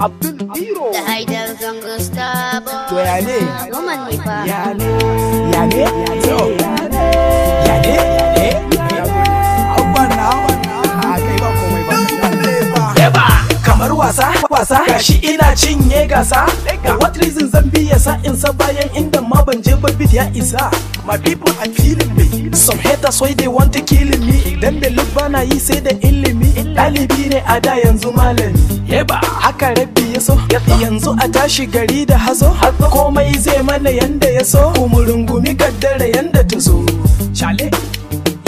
Abdul Iro. Da zan Gustavo. To ya ne? ne fa. Ya ne? Ya ne? Ya ne? Ya ne? kamar wasa wasa gashi ina cinye gasa. What reason zan biya sa'insa bayan inda ma ban je bit ya isa. My people are killing me Some haters why they want to kill me they look bana yi sai da ilimi Ɗalibi ne a da yanzu malami Yeba Haka rabbi ya so Yanzu a tashi gari da hazo Komai zai mana yanda ya so mi rungumi yanda ta zo Chale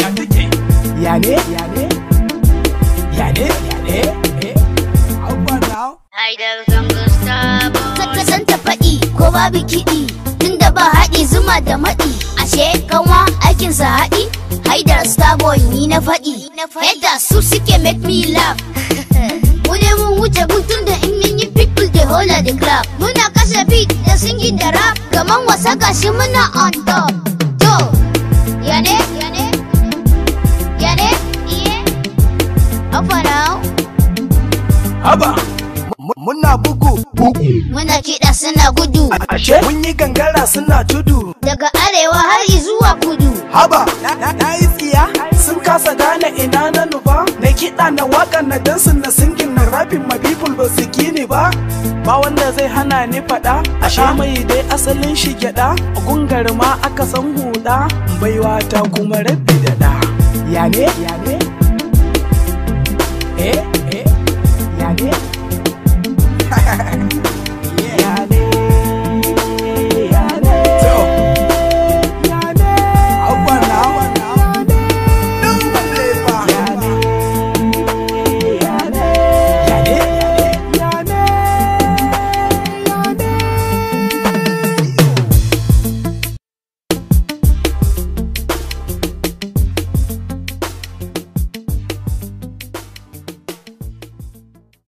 Ya take Ya ne? Yane Yane Haidar zangon sabo Saka santa faɗi ko babu kiɗi Tunda ba haɗi zuma da maɗi starboy ni na faɗi yadda su suke make me laugh Mune mun wuce guntun da in mun yi people hola da club muna kashe beat da singin da rap Kamar wasa gashi muna on top to yane yane yane iye now haba muna bugu muna kiɗa suna gudu ashe mun yi gangara suna tudu daga arewa har zuwa kudu haba ina na nuba na kiɗa na waka na dansin na singin na rapin ma people ba su gini ba ba wanda zai hana ni faɗa a sha mai dai asalin shi gyaɗa a gungar ma aka san huɗa baiwa ta kuma rabbi da ɗa ya